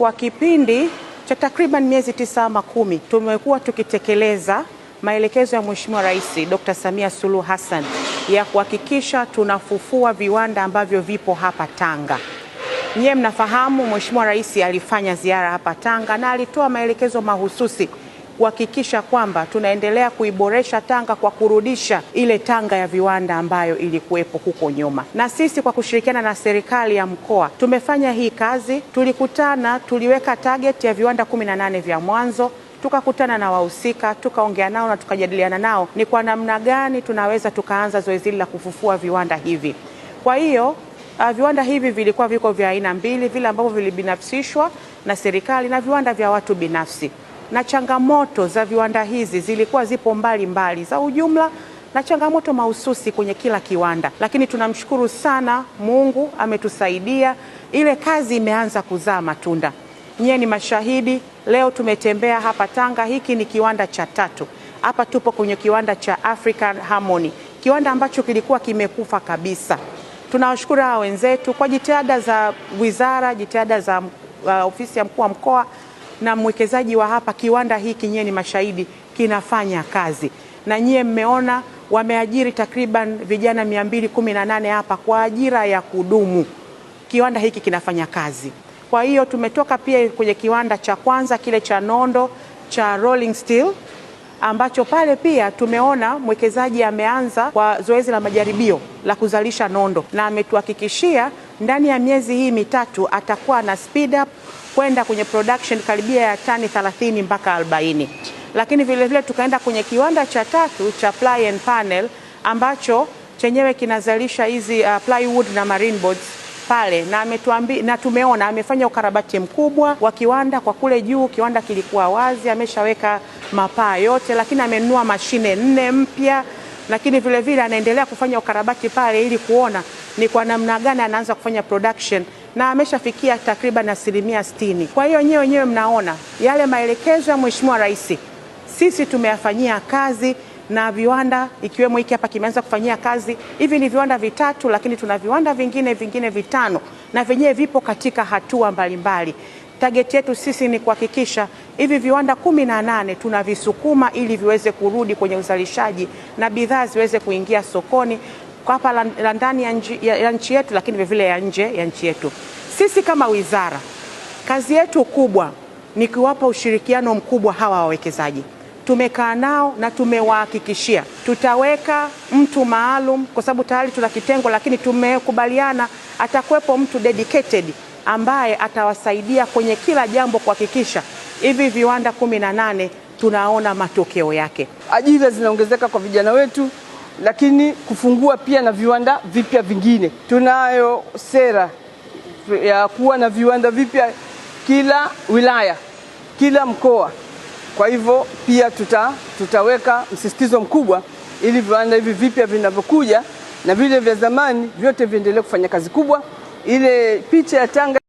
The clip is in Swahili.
Kwa kipindi cha takriban miezi tisa ama kumi tumekuwa tukitekeleza maelekezo ya Mheshimiwa Rais Dr. Samia Suluhu Hassan ya kuhakikisha tunafufua viwanda ambavyo vipo hapa Tanga. Nyiye mnafahamu Mheshimiwa Rais alifanya ziara hapa Tanga na alitoa maelekezo mahususi kuhakikisha kwamba tunaendelea kuiboresha Tanga kwa kurudisha ile Tanga ya viwanda ambayo ilikuwepo huko nyuma. Na sisi kwa kushirikiana na serikali ya mkoa tumefanya hii kazi, tulikutana, tuliweka target ya viwanda 18 vya mwanzo tukakutana na wahusika tukaongea nao na tukajadiliana nao ni kwa namna gani tunaweza tukaanza zoezi hili la kufufua viwanda hivi. Kwa hiyo uh, viwanda hivi vilikuwa viko vya aina mbili, vile ambavyo vilibinafsishwa na serikali na viwanda vya watu binafsi na changamoto za viwanda hizi zilikuwa zipo mbali mbali za ujumla na changamoto mahususi kwenye kila kiwanda, lakini tunamshukuru sana Mungu ametusaidia, ile kazi imeanza kuzaa matunda. Nyie ni mashahidi, leo tumetembea hapa Tanga. Hiki ni kiwanda cha tatu hapa, tupo kwenye kiwanda cha African Harmony, kiwanda ambacho kilikuwa kimekufa kabisa. Tunawashukuru hawa wenzetu kwa jitihada za wizara, jitihada za uh, ofisi ya mkuu wa mkoa na mwekezaji wa hapa, kiwanda hiki nyie ni mashahidi, kinafanya kazi na nyie mmeona wameajiri takriban vijana 218 hapa kwa ajira ya kudumu. Kiwanda hiki kinafanya kazi. Kwa hiyo tumetoka pia kwenye kiwanda cha kwanza kile cha nondo cha rolling steel ambacho pale pia tumeona mwekezaji ameanza kwa zoezi la majaribio la kuzalisha nondo na ametuhakikishia ndani ya miezi hii mitatu atakuwa na speed up kwenda kwenye production karibia ya tani 30 mpaka 40, lakini vilevile vile tukaenda kwenye kiwanda cha tatu cha ply and panel ambacho chenyewe kinazalisha hizi uh, plywood na marine boards pale na, ametuambi, na tumeona amefanya ukarabati mkubwa wa kiwanda kwa kule juu. Kiwanda kilikuwa wazi, ameshaweka mapaa yote, lakini amenunua mashine nne mpya, lakini vilevile vile anaendelea kufanya ukarabati pale ili kuona ni kwa namna gani anaanza kufanya production na ameshafikia takriban asilimia sitini. Kwa hiyo nyewe wenyewe mnaona yale maelekezo ya Mheshimiwa Rais sisi tumeyafanyia kazi na viwanda ikiwemo hiki hapa kimeanza kufanyia kazi. Hivi ni viwanda vitatu, lakini tuna viwanda vingine vingine vitano na vyenyewe vipo katika hatua mbalimbali. Tageti yetu sisi ni kuhakikisha hivi viwanda kumi na nane tunavisukuma ili viweze kurudi kwenye uzalishaji na bidhaa ziweze kuingia sokoni kwa hapa la ndani ya nchi yetu, lakini vilevile ya nje ya nchi yetu. Sisi kama wizara, kazi yetu kubwa ni kuwapa ushirikiano mkubwa hawa wawekezaji. Tumekaa nao na tumewahakikishia tutaweka mtu maalum, kwa sababu tayari tuna kitengo, lakini tumekubaliana atakuwepo mtu dedicated ambaye atawasaidia kwenye kila jambo kuhakikisha hivi viwanda kumi na nane tunaona matokeo yake. Ajira zinaongezeka kwa vijana wetu lakini kufungua pia na viwanda vipya vingine. Tunayo sera ya kuwa na viwanda vipya kila wilaya, kila mkoa. Kwa hivyo pia tuta, tutaweka msisitizo mkubwa ili viwanda hivi vipya vinavyokuja na vile vya zamani vyote viendelee kufanya kazi kubwa. Ile picha ya Tanga